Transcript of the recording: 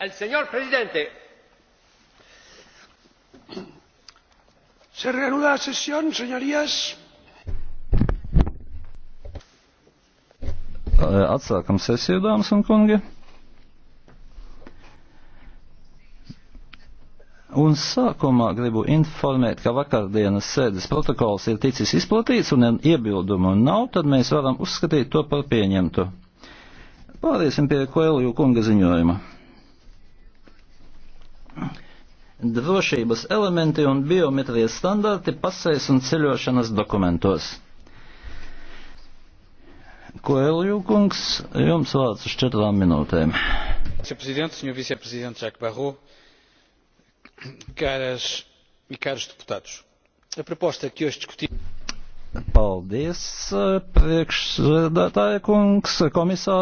El señor presidente. Se reanuda la sesión, señorías. Eh, atsākam sesiju, dāmas un kungi. Un sākumā gribu informēt, ka vakardienas sēdes protokols ir ticis izplatīts un iebildumu nav, tad mēs varam uzskatīt to par pieņemtu. Pāriesim pie Koelju kunga ziņojuma drošības elementi un biometrijas standarti pasēs un ceļošanas dokumentos. Koelju kungs, jums vārds uz četrām minūtēm. Caras e caros deputados, a proposta que hoje discutimos. Paldies, priekšsēdētāja kungs, komisāra.